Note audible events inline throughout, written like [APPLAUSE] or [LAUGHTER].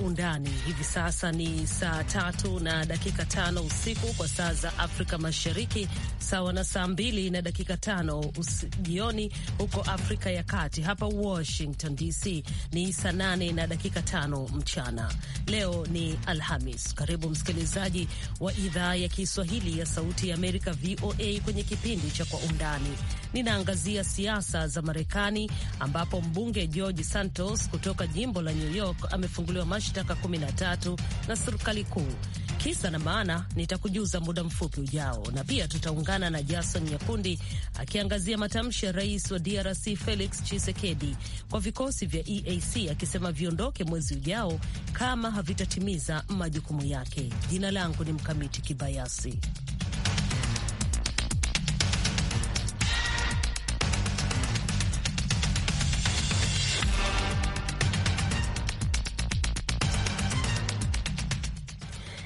undani hivi sasa ni saa tatu na dakika tano usiku kwa saa za Afrika Mashariki, sawa na saa mbili na dakika tano jioni huko Afrika ya Kati. Hapa Washington DC ni saa nane na dakika tano mchana. Leo ni Alhamis. Karibu msikilizaji wa idhaa ya Kiswahili ya Sauti ya Amerika, VOA, kwenye kipindi cha Kwa Undani. Ninaangazia siasa za Marekani ambapo mbunge George Santos kutoka jimbo la New York amefunguliwa mashtaka 13 na serikali kuu. Kisa na maana nitakujuza muda mfupi ujao, na pia tutaungana na Jason Nyakundi akiangazia matamshi ya rais wa DRC Felix Tshisekedi kwa vikosi vya EAC akisema viondoke mwezi ujao kama havitatimiza majukumu yake. Jina langu ni Mkamiti Kibayasi.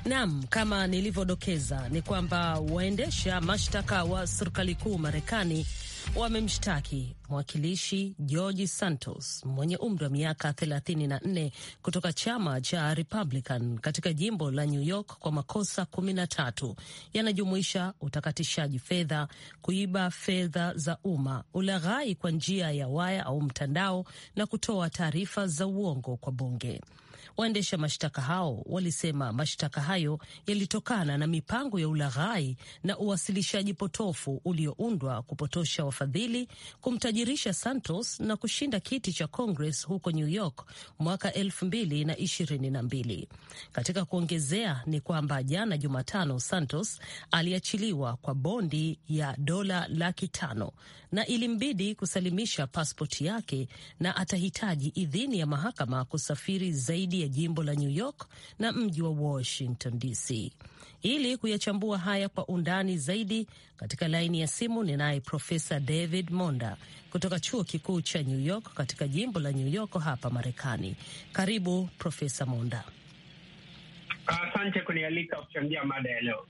Naam, kama nilivyodokeza ni kwamba waendesha mashtaka wa serikali kuu Marekani wamemshtaki mwakilishi George Santos mwenye umri wa miaka 34 kutoka chama cha Republican katika jimbo la New York kwa makosa 13 yanajumuisha utakatishaji fedha, kuiba fedha za umma, ulaghai kwa njia ya waya au mtandao na kutoa taarifa za uongo kwa bunge. Waendesha mashtaka hao walisema mashtaka hayo yalitokana na mipango ya ulaghai na uwasilishaji potofu ulioundwa kupotosha wafadhili, kumtajirisha Santos na kushinda kiti cha Congress huko New York mwaka elfu mbili na ishirini na mbili. Katika kuongezea ni kwamba jana Jumatano, Santos aliachiliwa kwa bondi ya dola laki tano na ilimbidi kusalimisha paspoti yake na atahitaji idhini ya mahakama kusafiri zaidi dhidi ya jimbo la New York na mji wa Washington DC. Ili kuyachambua haya kwa undani zaidi, katika laini ya simu ninaye Profesa David Monda kutoka chuo kikuu cha New York katika jimbo la New York hapa Marekani. Karibu Profesa Monda. Asante uh, kunialika kuchangia mada ya leo.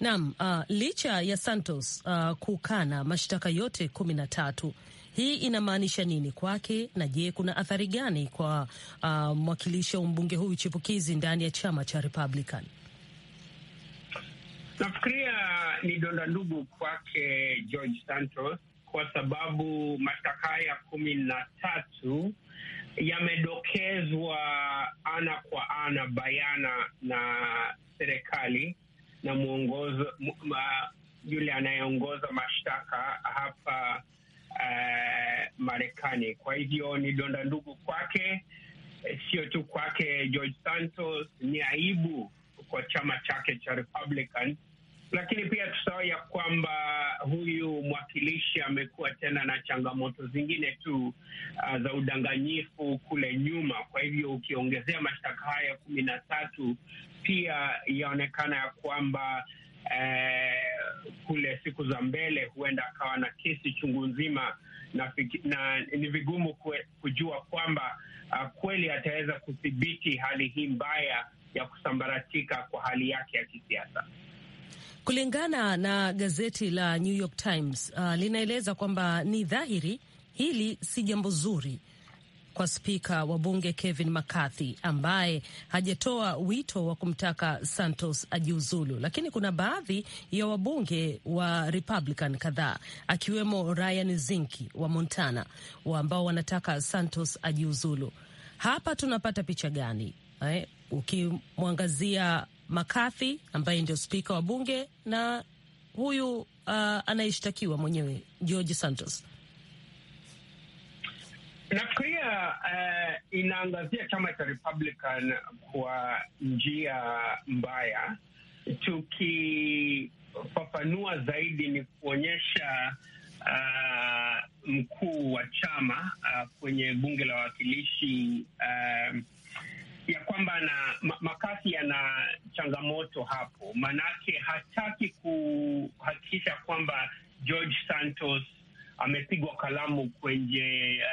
Naam, uh, licha ya Santos uh, kukana mashtaka yote kumi na tatu hii inamaanisha nini kwake, na je, kuna athari gani kwa uh, mwakilishi wa mbunge huyu chipukizi ndani ya chama cha Republican? Nafikiria ni donda ndugu kwake George Santos kwa sababu mashtaka haya kumi na tatu yamedokezwa ana kwa ana bayana na serikali na mwongozo yule anayeongoza mashtaka hapa uh, Marekani. Kwa hivyo ni donda ndugu kwake, eh, sio tu kwake George Santos, ni aibu kwa chama chake cha Republican. Lakini pia tusahau ya kwamba huyu mwakilishi amekuwa tena na changamoto zingine tu uh, za udanganyifu kule nyuma. Kwa hivyo ukiongezea mashtaka haya kumi na tatu pia yaonekana ya kwamba eh, kule siku za mbele huenda akawa na kesi chungu nzima na, na ni vigumu kwe, kujua kwamba uh, kweli ataweza kudhibiti hali hii mbaya ya kusambaratika kwa hali yake ya kisiasa. Kulingana na gazeti la New York Times uh, linaeleza kwamba ni dhahiri hili si jambo zuri kwa spika wa bunge Kevin McCarthy ambaye hajatoa wito wa kumtaka Santos ajiuzulu, lakini kuna baadhi ya wabunge wa Republican kadhaa akiwemo Ryan Zinke wa Montana wa ambao wanataka Santos ajiuzulu. Hapa tunapata picha gani eh? Ukimwangazia McCarthy ambaye ndio spika wa bunge na huyu uh, anayeshtakiwa mwenyewe George Santos uh, inaangazia chama cha Republican kwa njia mbaya. Tukifafanua zaidi ni kuonyesha uh, mkuu wa chama uh, kwenye bunge la wawakilishi uh, ya kwamba na makasi yana changamoto hapo, manake hataki kuhakikisha kwamba George Santos amepigwa kalamu kwenye uh,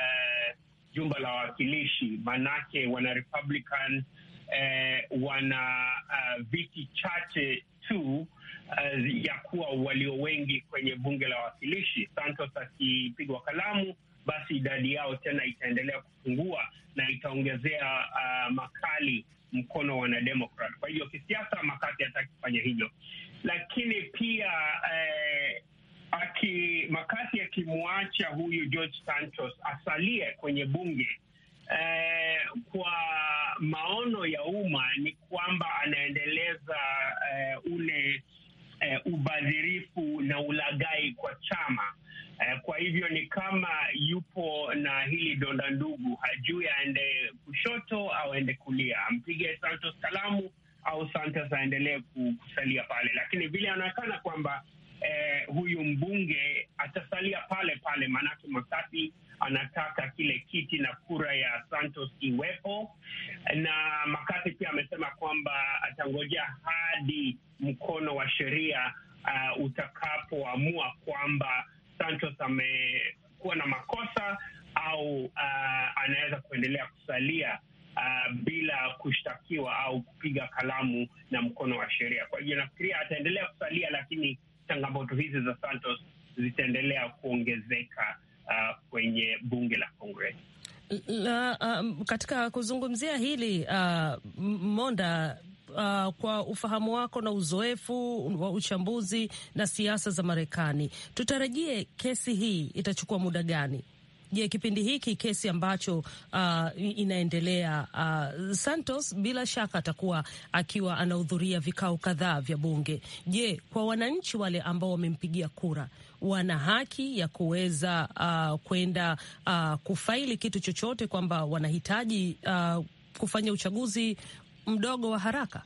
jumba la wawakilishi, manake wana Republican eh, wana uh, viti chache tu uh, ya kuwa walio wengi kwenye bunge la wawakilishi. Santos akipigwa kalamu, basi idadi yao tena itaendelea kupungua na itaongezea uh, makali mkono wanademokrat. Kwa hivyo kisiasa, Makati hataki kufanya hivyo, lakini pia eh, aki Makati akimwacha huyu George Santos asalie kwenye bunge eh, kwa maono ya umma ni kwamba anaendeleza eh, ule eh, ubadhirifu na ulagai kwa chama eh, kwa hivyo ni kama yupo na hili donda ndugu, hajui aende kushoto au aende kulia, ampige Santos kalamu au Santos aendelee kusalia pale, lakini vile anaonekana kwamba eh, huyu mbunge atasalia pale pale, maanake Masati anataka kile kiti na kura ya Santos iwepo, na Makati pia amesema kwamba atangojea hadi mkono wa sheria uh, utakapoamua kwamba Santos amekuwa na makosa au uh, anaweza kuendelea kusalia uh, bila kushtakiwa au kupiga kalamu na mkono wa sheria. Kwa hiyo nafikiria ataendelea kusalia, lakini changamoto hizi za Santos zitaendelea kuongezeka uh, kwenye bunge la Kongresi na um, katika kuzungumzia hili uh, Monda uh, kwa ufahamu wako na uzoefu wa uchambuzi na siasa za Marekani, tutarajie kesi hii itachukua muda gani? Je, kipindi hiki kesi ambacho uh, inaendelea uh, Santos bila shaka atakuwa akiwa anahudhuria vikao kadhaa vya bunge. Je, kwa wananchi wale ambao wamempigia kura wana haki ya kuweza uh, kwenda uh, kufaili kitu chochote kwamba wanahitaji uh, kufanya uchaguzi mdogo wa haraka?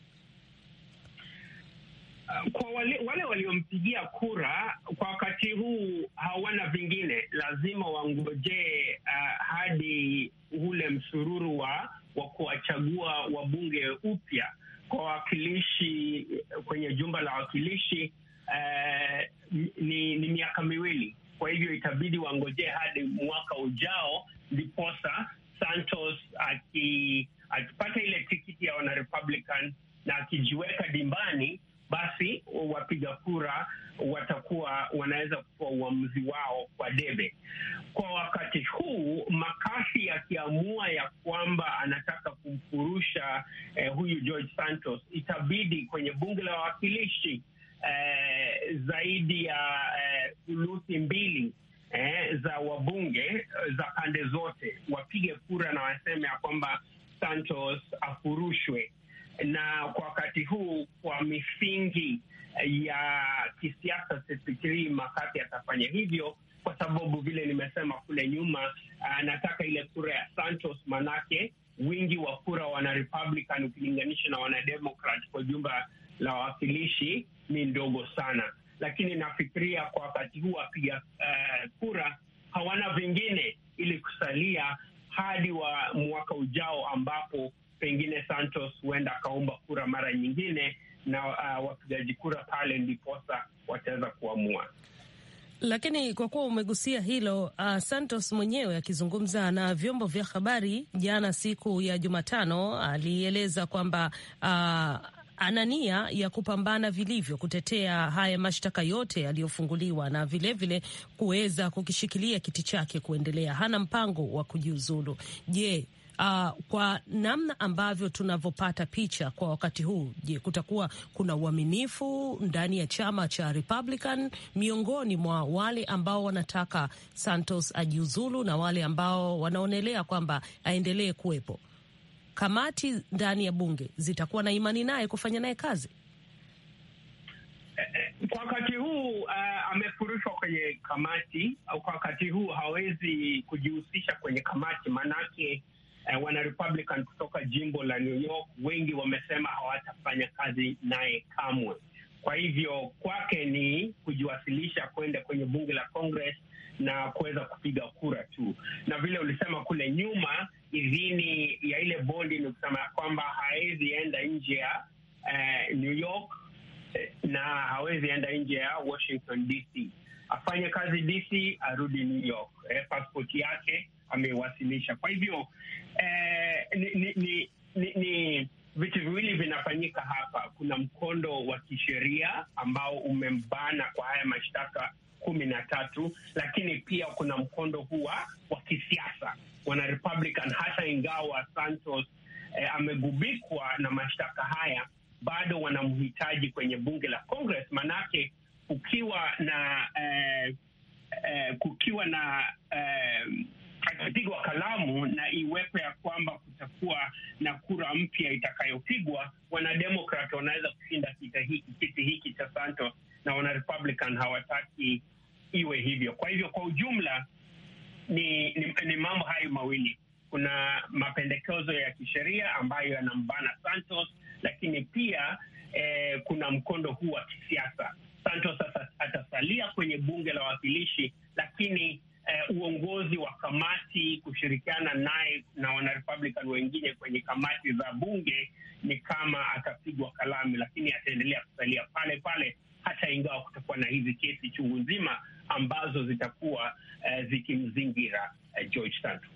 kwa wale, wale waliompigia kura kwa wakati huu hawana vingine, lazima wangojee uh, hadi ule msururu wa wa kuwachagua wabunge upya kwa wawakilishi kwenye jumba la wawakilishi uh, ni, ni miaka miwili. Kwa hivyo itabidi wangojee hadi mwaka ujao ndiposa Santos akipata ile tikiti ya wanarepublican na akijiweka dimbani basi wapiga kura watakuwa wanaweza kutoa uamuzi wao kwa debe. Kwa wakati huu, makasi akiamua ya, ya kwamba anataka kumfurusha eh, huyu George Santos, itabidi kwenye bunge la wawakilishi eh, zaidi ya eh, thuluthi eh, mbili eh, za wabunge eh, za pande zote wapige kura na waseme ya kwamba Santos afurushwe na kwa wakati huu kwa misingi ya kisiasa sifikirii Makati atafanya hivyo, kwa sababu vile nimesema kule nyuma, anataka uh, ile kura ya Santos, manake wingi wa kura wana Republican ukilinganisha na wanademokrat kwa jumba la wawakilishi ni ndogo sana, lakini nafikiria kwa wakati huu wapiga uh, kura hawana vingine ili kusalia hadi wa mwaka ujao ambapo pengine Santos huenda akaomba kura mara nyingine, na uh, wapigaji kura pale ndiposa wataweza kuamua. Lakini kwa kuwa umegusia hilo uh, Santos mwenyewe akizungumza na vyombo vya habari jana siku ya Jumatano alieleza kwamba uh, ana nia ya kupambana vilivyo kutetea haya mashtaka yote yaliyofunguliwa na vilevile kuweza kukishikilia kiti chake kuendelea. Hana mpango wa kujiuzulu. Je, uh, kwa namna ambavyo tunavyopata picha kwa wakati huu, je, kutakuwa kuna uaminifu ndani ya chama cha Republican miongoni mwa wale ambao wanataka Santos ajiuzulu na wale ambao wanaonelea kwamba aendelee kuwepo? Kamati ndani ya bunge zitakuwa na imani naye kufanya naye kazi kwa wakati huu uh, eh, amefurushwa kwenye kamati au kwa wakati huu hawezi kujihusisha kwenye kamati, maanake uh, wana Republican kutoka jimbo la New York wengi wamesema hawatafanya kazi naye kamwe. Kwa hivyo kwake ni kujiwasilisha kwenda kwenye bunge la Congress na kuweza kupiga kura tu, na vile ulisema kule nyuma, idhini ya ile bondi ni kusema ya kwamba hawezi enda nje ya uh, New York eh, na hawezi enda nje ya Washington DC, afanye kazi DC, arudi New York. Eh, passport yake amewasilisha. Kwa hivyo eh, ni, ni, ni, ni, ni vitu viwili vinafanyika hapa. Kuna mkondo wa kisheria ambao umembana kwa haya mashtaka kumi na tatu, lakini pia kuna mkondo huwa wa kisiasa wana Republican, hata ingawa Santos eh, amegubikwa na mashtaka haya, bado wanamhitaji kwenye bunge la Congress, manake kukiwa na eh, eh, kukiwa na eh, atapigwa kalamu na iwepo ya kwamba kutakuwa na kura mpya itakayopigwa, wanademokrat wanaweza kushinda kiti hiki, kiti hiki cha Santos na wanarepublican hawataki iwe hivyo. Kwa hivyo kwa ujumla ni, ni, ni mambo hayo mawili. Kuna mapendekezo ya kisheria ambayo yanambana Santos, lakini pia eh, kuna mkondo huu wa kisiasa. Santos atasalia kwenye bunge la wawakilishi, lakini eh, uongozi wa kamati kushirikiana naye na wanarepublican wengine kwenye kamati za bunge, ni kama atapigwa kalami, lakini ataendelea kusalia pale pale hata ingawa kutakuwa na hizi kesi chungu nzima ambazo zitakuwa eh, zikimzingira eh, George Santos.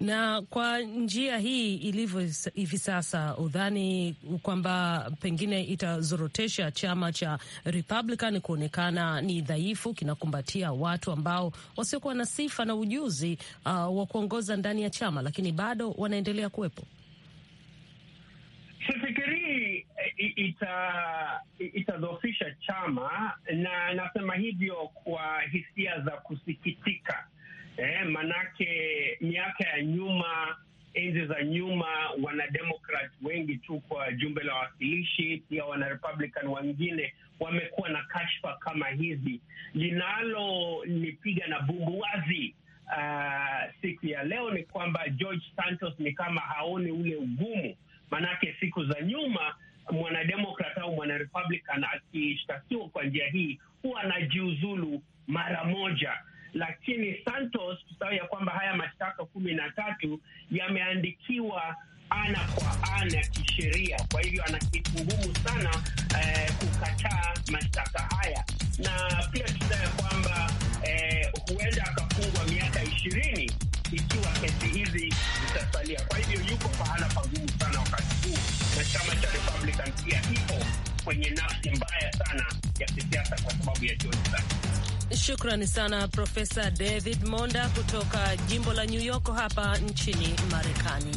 Na kwa njia hii ilivyo hivi sasa, udhani kwamba pengine itazorotesha chama cha Republican kuonekana ni dhaifu, kinakumbatia watu ambao wasiokuwa na sifa na ujuzi uh, wa kuongoza ndani ya chama, lakini bado wanaendelea kuwepo? Sifikirii eh, ita itadhoofisha chama, na nasema hivyo kwa hisia za kusikitika eh, manake miaka ya nyuma, enzi za nyuma, wanademokrat wengi tu kwa jumbe la wawakilishi, pia wanarepublican wengine wamekuwa na kashfa kama hizi. Linalonipiga na wazi uh, siku ya leo ni kwamba George Santos ni kama haoni ule ugumu, manake siku za nyuma mwanademokrat au mwanarepublican akishtakiwa kwa njia hii huwa anajiuzulu mara moja lakini Santos tusahau ya kwamba haya mashtaka kumi na tatu yameandikiwa ana kwa ana kisheria. Kwa hivyo ana kitu ngumu sana eh, kukataa mashtaka haya, na pia tusahau ya kwamba eh, huenda akafungwa miaka ishirini ikiwa kesi hizi zitasalia. Kwa hivyo yuko pahala pagumu sana wakati huu, na chama cha Republican pia ipo kwenye nafsi mbaya sana ya kisiasa kwa sababu ya jozi Shukrani sana Profesa David Monda kutoka jimbo la New York hapa nchini Marekani.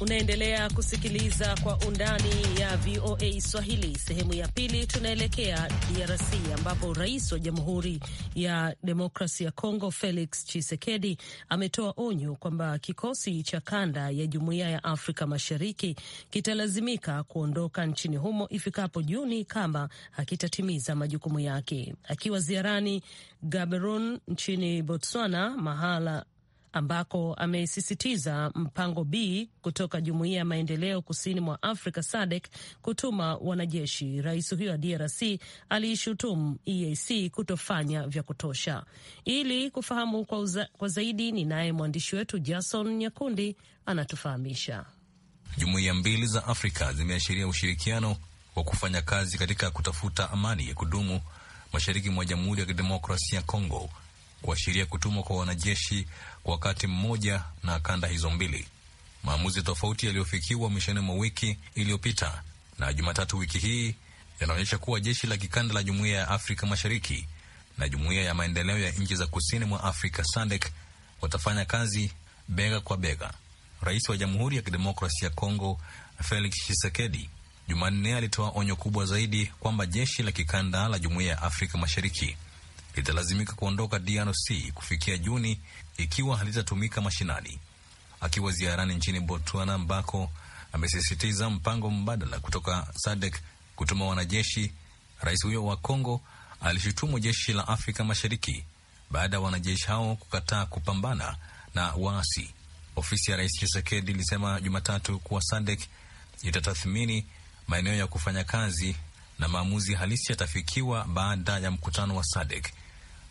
Unaendelea kusikiliza Kwa Undani ya VOA Swahili. Sehemu ya pili, tunaelekea DRC ambapo rais wa Jamhuri ya Demokrasi ya Kongo Felix chisekedi ametoa onyo kwamba kikosi cha kanda ya Jumuiya ya Afrika Mashariki kitalazimika kuondoka nchini humo ifikapo Juni kama hakitatimiza majukumu yake. Akiwa ziarani Gaborone nchini Botswana mahala ambako amesisitiza mpango B kutoka jumuiya ya maendeleo kusini mwa Afrika SADC kutuma wanajeshi. Rais huyo wa DRC aliishutumu EAC kutofanya vya kutosha. Ili kufahamu kwa, uza, kwa zaidi ni naye mwandishi wetu Jason Nyakundi anatufahamisha. Jumuiya mbili za Afrika zimeashiria ushirikiano wa kufanya kazi katika kutafuta amani ya kudumu mashariki mwa Jamhuri ya Kidemokrasia ya Kongo, kuashiria kutumwa kwa wanajeshi kwa wakati mmoja na kanda hizo mbili. Maamuzi tofauti yaliyofikiwa mwishoni mwa wiki iliyopita na Jumatatu wiki hii yanaonyesha kuwa jeshi la kikanda la Jumuiya ya Afrika Mashariki na Jumuiya ya Maendeleo ya Nchi za Kusini mwa Afrika SADC watafanya kazi bega kwa bega. Rais wa Jamhuri ya Kidemokrasia ya Kongo Felix Tshisekedi Jumanne alitoa onyo kubwa zaidi kwamba jeshi la kikanda la Jumuiya ya Afrika Mashariki litalazimika kuondoka DRC kufikia Juni ikiwa halitatumika mashinani. Akiwa ziarani nchini Botswana ambako amesisitiza mpango mbadala kutoka SADC kutuma wanajeshi, rais huyo wa Kongo alishutumu jeshi la Afrika Mashariki baada ya wanajeshi hao kukataa kupambana na waasi. Ofisi ya rais Chisekedi ilisema Jumatatu kuwa SADC itatathmini maeneo ya kufanya kazi na maamuzi halisi yatafikiwa baada ya mkutano wa SADC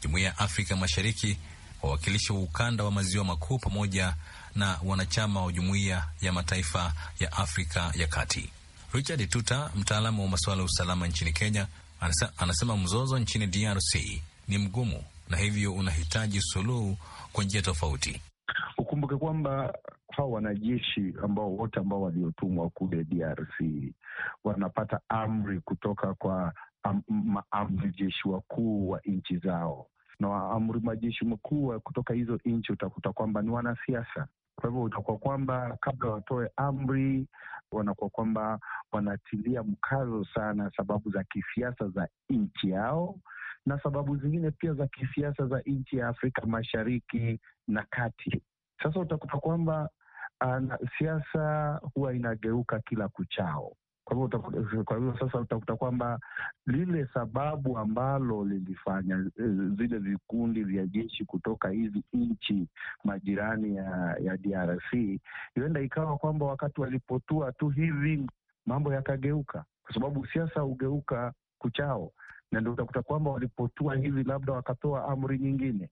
Jumuiya ya Afrika Mashariki, wawakilishi wa ukanda wa maziwa makuu, pamoja na wanachama wa Jumuiya ya Mataifa ya Afrika ya Kati. Richard Tuta, mtaalamu wa masuala ya usalama nchini Kenya, anasema mzozo nchini DRC ni mgumu na hivyo unahitaji suluhu kwa njia tofauti. Ukumbuke kwamba hawa wanajeshi ambao wote ambao waliotumwa kule DRC wanapata amri kutoka kwa maamri jeshi wakuu wa nchi zao na amri majeshi mkuu kutoka hizo nchi, utakuta kwamba ni wanasiasa. Kwa hivyo utakuwa kwamba kabla watoe amri, wanakuwa kwamba wanatilia mkazo sana sababu za kisiasa za nchi yao na sababu zingine pia za kisiasa za nchi ya Afrika Mashariki na Kati. Sasa utakuta kwamba ah, siasa huwa inageuka kila kuchao. Kwa hivyo kwa hivyo sasa utakuta kwamba lile sababu ambalo lilifanya eh, zile vikundi vya jeshi kutoka hizi nchi majirani ya, ya DRC huenda ikawa kwamba wakati walipotua tu hivi mambo yakageuka, kwa sababu siasa hugeuka kuchao, na ndio utakuta kwamba walipotua hivi labda wakatoa amri nyingine,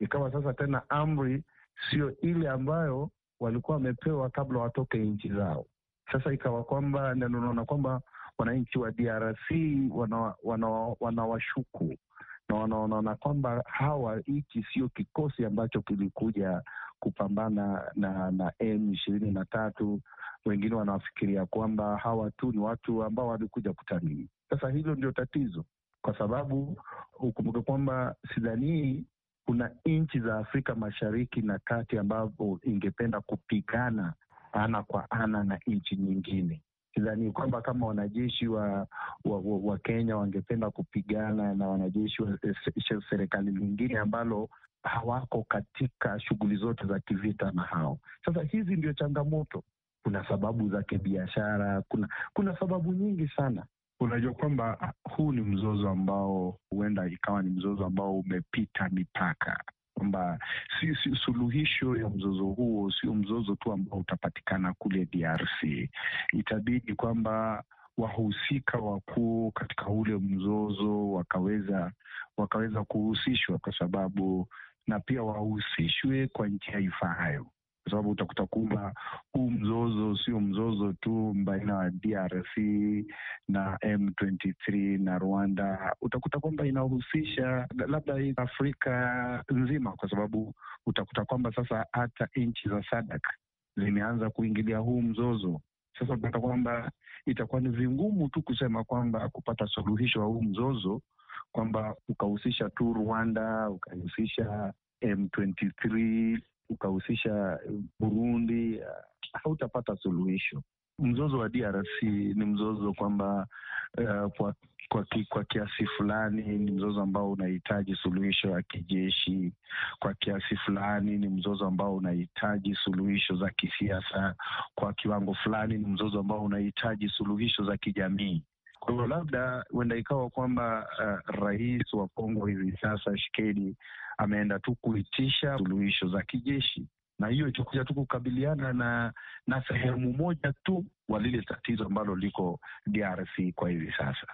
ikawa sasa tena amri sio ile ambayo walikuwa wamepewa kabla watoke nchi zao. Sasa ikawa kwamba ndio unaona kwamba wananchi wa DRC wanawashuku wana, wana, wana na wanaona kwamba hawa hiki sio kikosi ambacho kilikuja kupambana na na M ishirini na tatu. Wengine wanafikiria kwamba hawa tu ni watu ambao walikuja kutalii. Sasa hilo ndio tatizo, kwa sababu ukumbuke kwamba sidhanii kuna nchi za Afrika Mashariki na Kati ambapo ingependa kupigana ana kwa ana na nchi nyingine. Sidhani kwamba kama wanajeshi wa, wa, wa, wa Kenya wangependa kupigana na wanajeshi wa serikali lingine ambalo hawako katika shughuli zote za kivita na hao. Sasa hizi ndio changamoto. Kuna sababu za kibiashara, kuna kuna sababu nyingi sana. Unajua kwamba ah, huu ni mzozo ambao huenda ikawa ni mzozo ambao umepita mipaka kwamba si, si suluhisho ya mzozo huo sio mzozo tu ambao utapatikana kule DRC. Itabidi kwamba wahusika wakuu katika ule mzozo wakaweza wakaweza kuhusishwa kwa sababu na pia wahusishwe kwa njia ifaayo kwa sababu utakuta kwamba huu mzozo sio mzozo tu baina ya DRC na M23 na Rwanda, utakuta kwamba inahusisha labda Afrika nzima, kwa sababu utakuta kwamba sasa hata nchi za SADC zimeanza kuingilia huu mzozo. Sasa utakuta kwamba itakuwa ni vingumu tu kusema kwamba kupata suluhisho wa huu mzozo kwamba ukahusisha tu Rwanda, ukahusisha M23 ukahusisha eh, Burundi, eh, hautapata suluhisho. Mzozo wa DRC ni mzozo kwamba uh, kwa kwa, ki, kwa kiasi fulani ni mzozo ambao unahitaji suluhisho ya kijeshi. Kwa kiasi fulani ni mzozo ambao unahitaji suluhisho za kisiasa. Kwa kiwango fulani ni mzozo ambao unahitaji suluhisho za kijamii. Kwa hivyo labda huenda ikawa kwamba uh, rais wa Kongo hivi sasa Tshisekedi ameenda tu kuitisha suluhisho za kijeshi, na hiyo itakuja tu kukabiliana na na sehemu moja tu wa lile tatizo ambalo liko DRC kwa hivi sasa,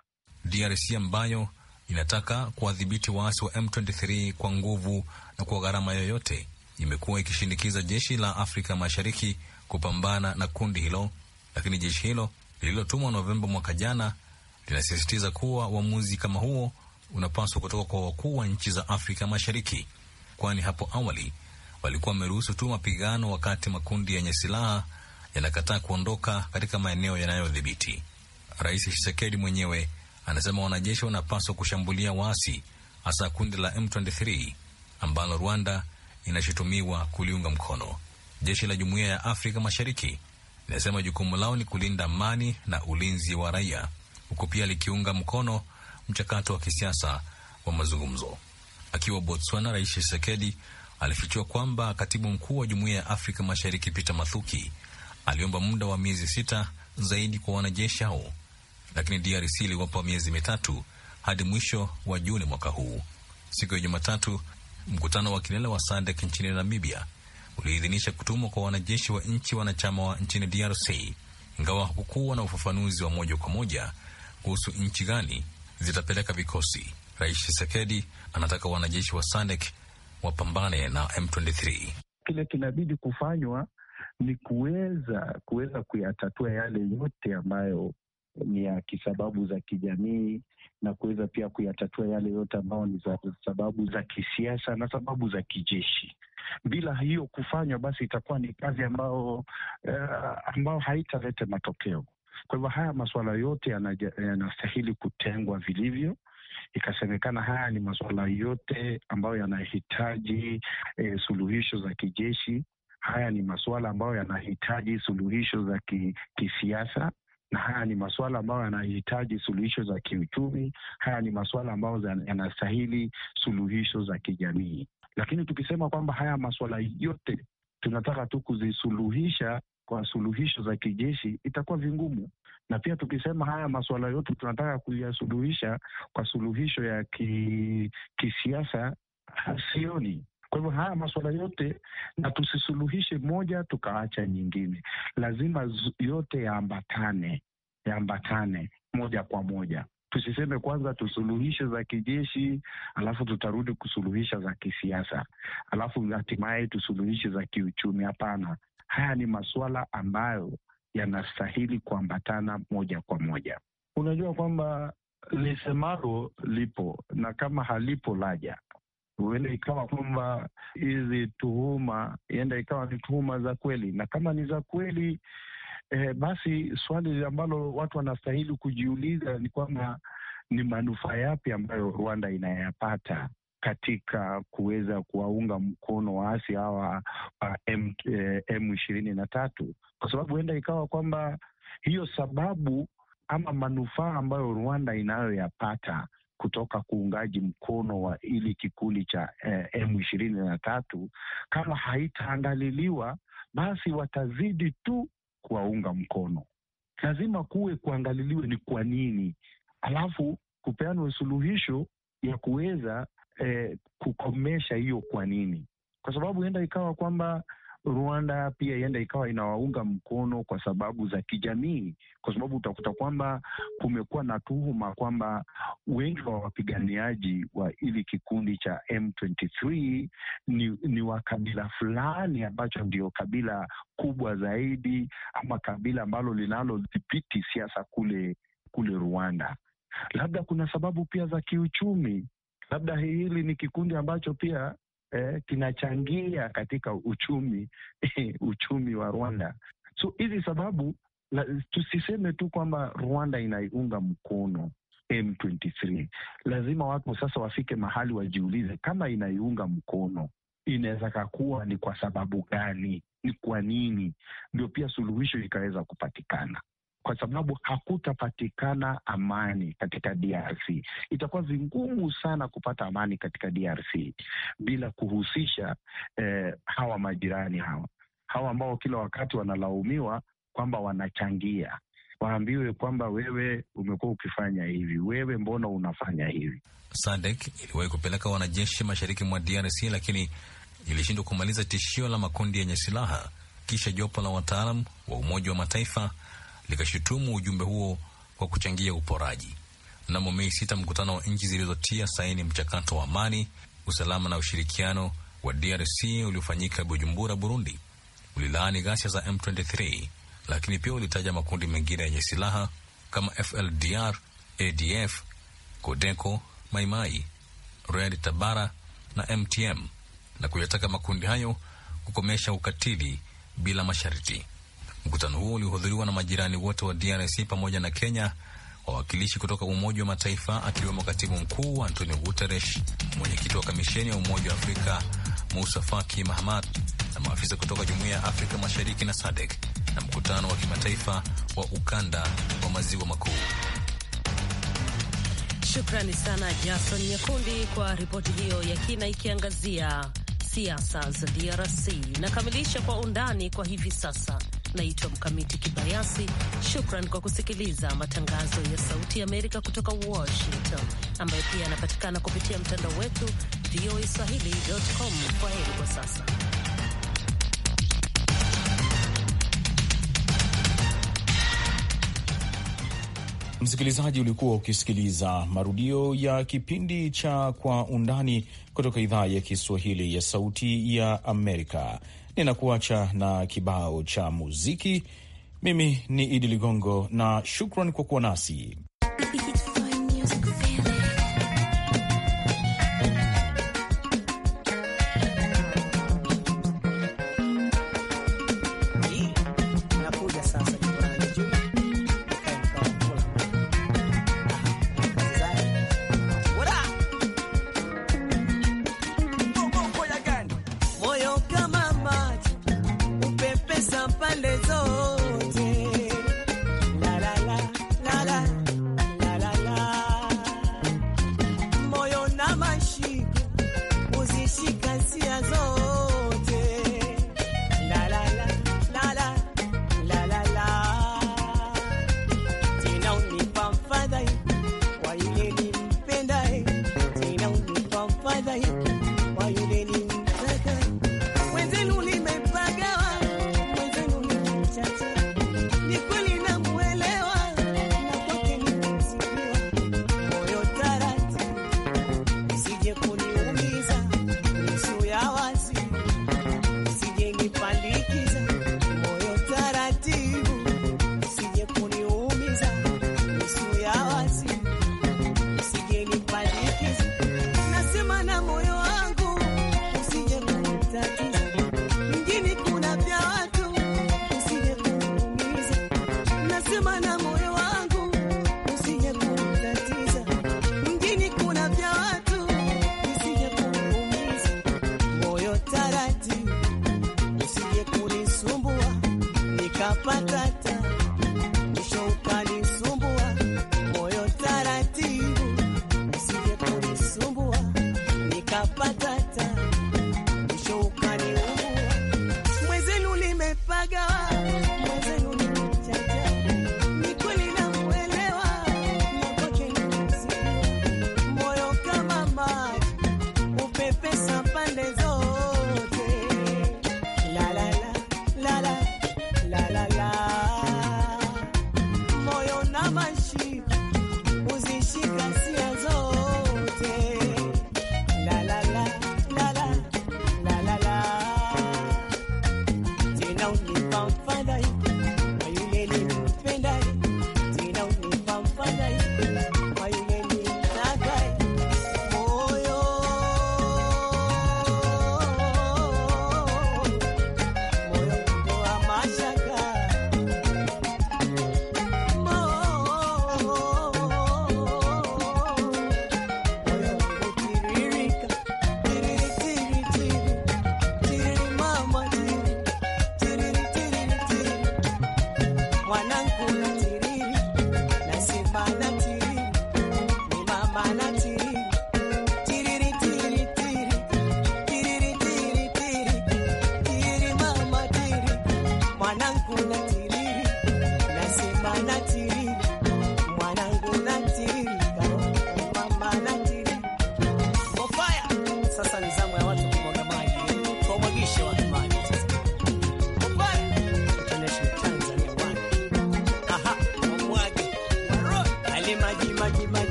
DRC ambayo inataka kuwadhibiti waasi wa M23 kwa nguvu na kwa gharama yoyote. Imekuwa ikishinikiza jeshi la Afrika Mashariki kupambana na kundi hilo, lakini jeshi hilo lililotumwa Novemba mwaka jana linasisitiza kuwa uamuzi kama huo unapaswa kutoka kwa wakuu wa nchi za Afrika Mashariki, kwani hapo awali walikuwa wameruhusu tu mapigano wakati makundi yenye silaha yanakataa kuondoka katika maeneo yanayodhibiti. Rais Tshisekedi mwenyewe anasema wanajeshi wanapaswa kushambulia waasi, hasa kundi la M23 ambalo Rwanda inashutumiwa kuliunga mkono. Jeshi la Jumuiya ya Afrika Mashariki linasema jukumu lao ni kulinda amani na ulinzi wa raia, huku pia likiunga mkono mchakato wa kisiasa wa mazungumzo. Akiwa Botswana, Rais Tshisekedi alifichua kwamba katibu mkuu wa Jumuiya ya Afrika Mashariki Peter Mathuki aliomba muda wa miezi sita zaidi kwa wanajeshi hao, lakini DRC iliwapa miezi mitatu hadi mwisho wa Juni mwaka huu. Siku ya Jumatatu, mkutano wa kilele wa SADC nchini Namibia uliidhinisha kutumwa kwa wanajeshi wa nchi wanachama wa nchini DRC, ingawa hakukuwa na ufafanuzi wa moja kwa moja kuhusu nchi gani zitapeleka vikosi. Rais chisekedi anataka wanajeshi wa sanek wapambane na M23. Kile kinabidi kufanywa ni kuweza kuweza kuyatatua yale yote ambayo ni ya kisababu za kijamii na kuweza pia kuyatatua yale yote ambayo ni za sababu za kisiasa na sababu za kijeshi. Bila hiyo kufanywa, basi itakuwa ni kazi ambayo, uh, ambayo matokeo. Kwa hivyo haya masuala yote yanastahili kutengwa vilivyo, ikasemekana haya ni masuala yote ambayo yanahitaji e, suluhisho za kijeshi. Haya ni masuala ambayo yanahitaji suluhisho za ki, kisiasa na haya ni masuala ambayo yanahitaji suluhisho za kiuchumi. Haya ni masuala ambayo yanastahili suluhisho za kijamii. Lakini tukisema kwamba haya masuala yote tunataka tu kuzisuluhisha kwa suluhisho za kijeshi itakuwa vingumu, na pia tukisema haya masuala yote tunataka kuyasuluhisha kwa suluhisho ya ki, kisiasa hasioni. Kwa hivyo haya masuala yote, na tusisuluhishe moja tukaacha nyingine, lazima yote yaambatane, yaambatane moja kwa moja. Tusiseme kwanza tusuluhishe za kijeshi, alafu tutarudi kusuluhisha za kisiasa, alafu hatimaye tusuluhishe za kiuchumi. Hapana, haya ni masuala ambayo yanastahili kuambatana moja kwa moja. Unajua kwamba lisemalo lipo na kama halipo laja. Huenda ikawa kwamba hizi tuhuma, enda ikawa ni tuhuma za kweli, na kama ni za kweli eh, basi swali ambalo watu wanastahili kujiuliza ni kwamba ni manufaa yapi ambayo Rwanda inayapata katika kuweza kuwaunga mkono waasi hawa wa eh, M ishirini na tatu, kwa sababu huenda ikawa kwamba hiyo sababu ama manufaa ambayo Rwanda inayoyapata kutoka kuungaji mkono wa ili kikundi cha eh, M ishirini na tatu, kama haitaangaliliwa basi watazidi tu kuwaunga mkono. Lazima kuwe kuangaliliwe ni kwa nini, alafu kupeanwe suluhisho ya kuweza eh, kukomesha hiyo kwa nini, kwa sababu enda ikawa kwamba Rwanda pia ienda ikawa inawaunga mkono kwa sababu za kijamii, kwa sababu utakuta kwamba kumekuwa na tuhuma kwamba wengi wa wapiganiaji wa hili kikundi cha M23 ni, ni wa kabila fulani ambacho ndio kabila kubwa zaidi ama kabila ambalo linalodhibiti siasa kule kule Rwanda. Labda kuna sababu pia za kiuchumi labda hili ni kikundi ambacho pia eh, kinachangia katika uchumi [LAUGHS] uchumi wa Rwanda. So hizi sababu la, tusiseme tu kwamba Rwanda inaiunga mkono M23. Lazima watu sasa wafike mahali wajiulize kama inaiunga mkono inaweza kakuwa ni kwa sababu gani? Ni kwa nini? Ndio pia suluhisho ikaweza kupatikana kwa sababu hakutapatikana amani katika DRC. Itakuwa vingumu sana kupata amani katika DRC bila kuhusisha eh, hawa majirani hawa hawa ambao kila wakati wanalaumiwa kwamba wanachangia waambiwe kwamba wewe umekuwa ukifanya hivi, wewe mbona unafanya hivi? Sadek iliwahi kupeleka wanajeshi mashariki mwa DRC lakini ilishindwa kumaliza tishio la makundi yenye silaha. Kisha jopo la wataalam wa Umoja wa Mataifa likashutumu ujumbe huo kwa kuchangia uporaji. Mnamo Mei sita, mkutano wa nchi zilizotia saini mchakato wa amani, usalama na ushirikiano wa DRC uliofanyika Bujumbura, Burundi, ulilaani ghasia za M23 lakini pia ulitaja makundi mengine yenye silaha kama FLDR, ADF, Codeco, Maimai, Red Tabara na MTM na kuyataka makundi hayo kukomesha ukatili bila masharti. Mkutano huo ulihudhuriwa na majirani wote wa DRC pamoja na Kenya, wawakilishi kutoka Umoja wa Mataifa akiwemo katibu mkuu Antonio Guterres, mwenyekiti wa kamisheni ya Umoja wa Afrika Musa Faki Mahamat na maafisa kutoka Jumuiya ya Afrika Mashariki na SADC na mkutano wa kimataifa wa ukanda wa maziwa makuu. Shukrani sana Jason Nyakundi kwa ripoti hiyo ya kina ikiangazia siasa za DRC. Nakamilisha kwa undani kwa hivi sasa. Naitwa Mkamiti Kibayasi. Shukran kwa kusikiliza matangazo ya Sauti ya Amerika kutoka Washington, ambayo pia yanapatikana kupitia mtandao wetu VOA Swahili.com. Kwa heri kwa sasa. Msikilizaji, ulikuwa ukisikiliza marudio ya kipindi cha Kwa Undani kutoka idhaa ya Kiswahili ya Sauti ya Amerika. Ninakuacha na kibao cha muziki. Mimi ni Idi Ligongo na shukran kwa kuwa nasi.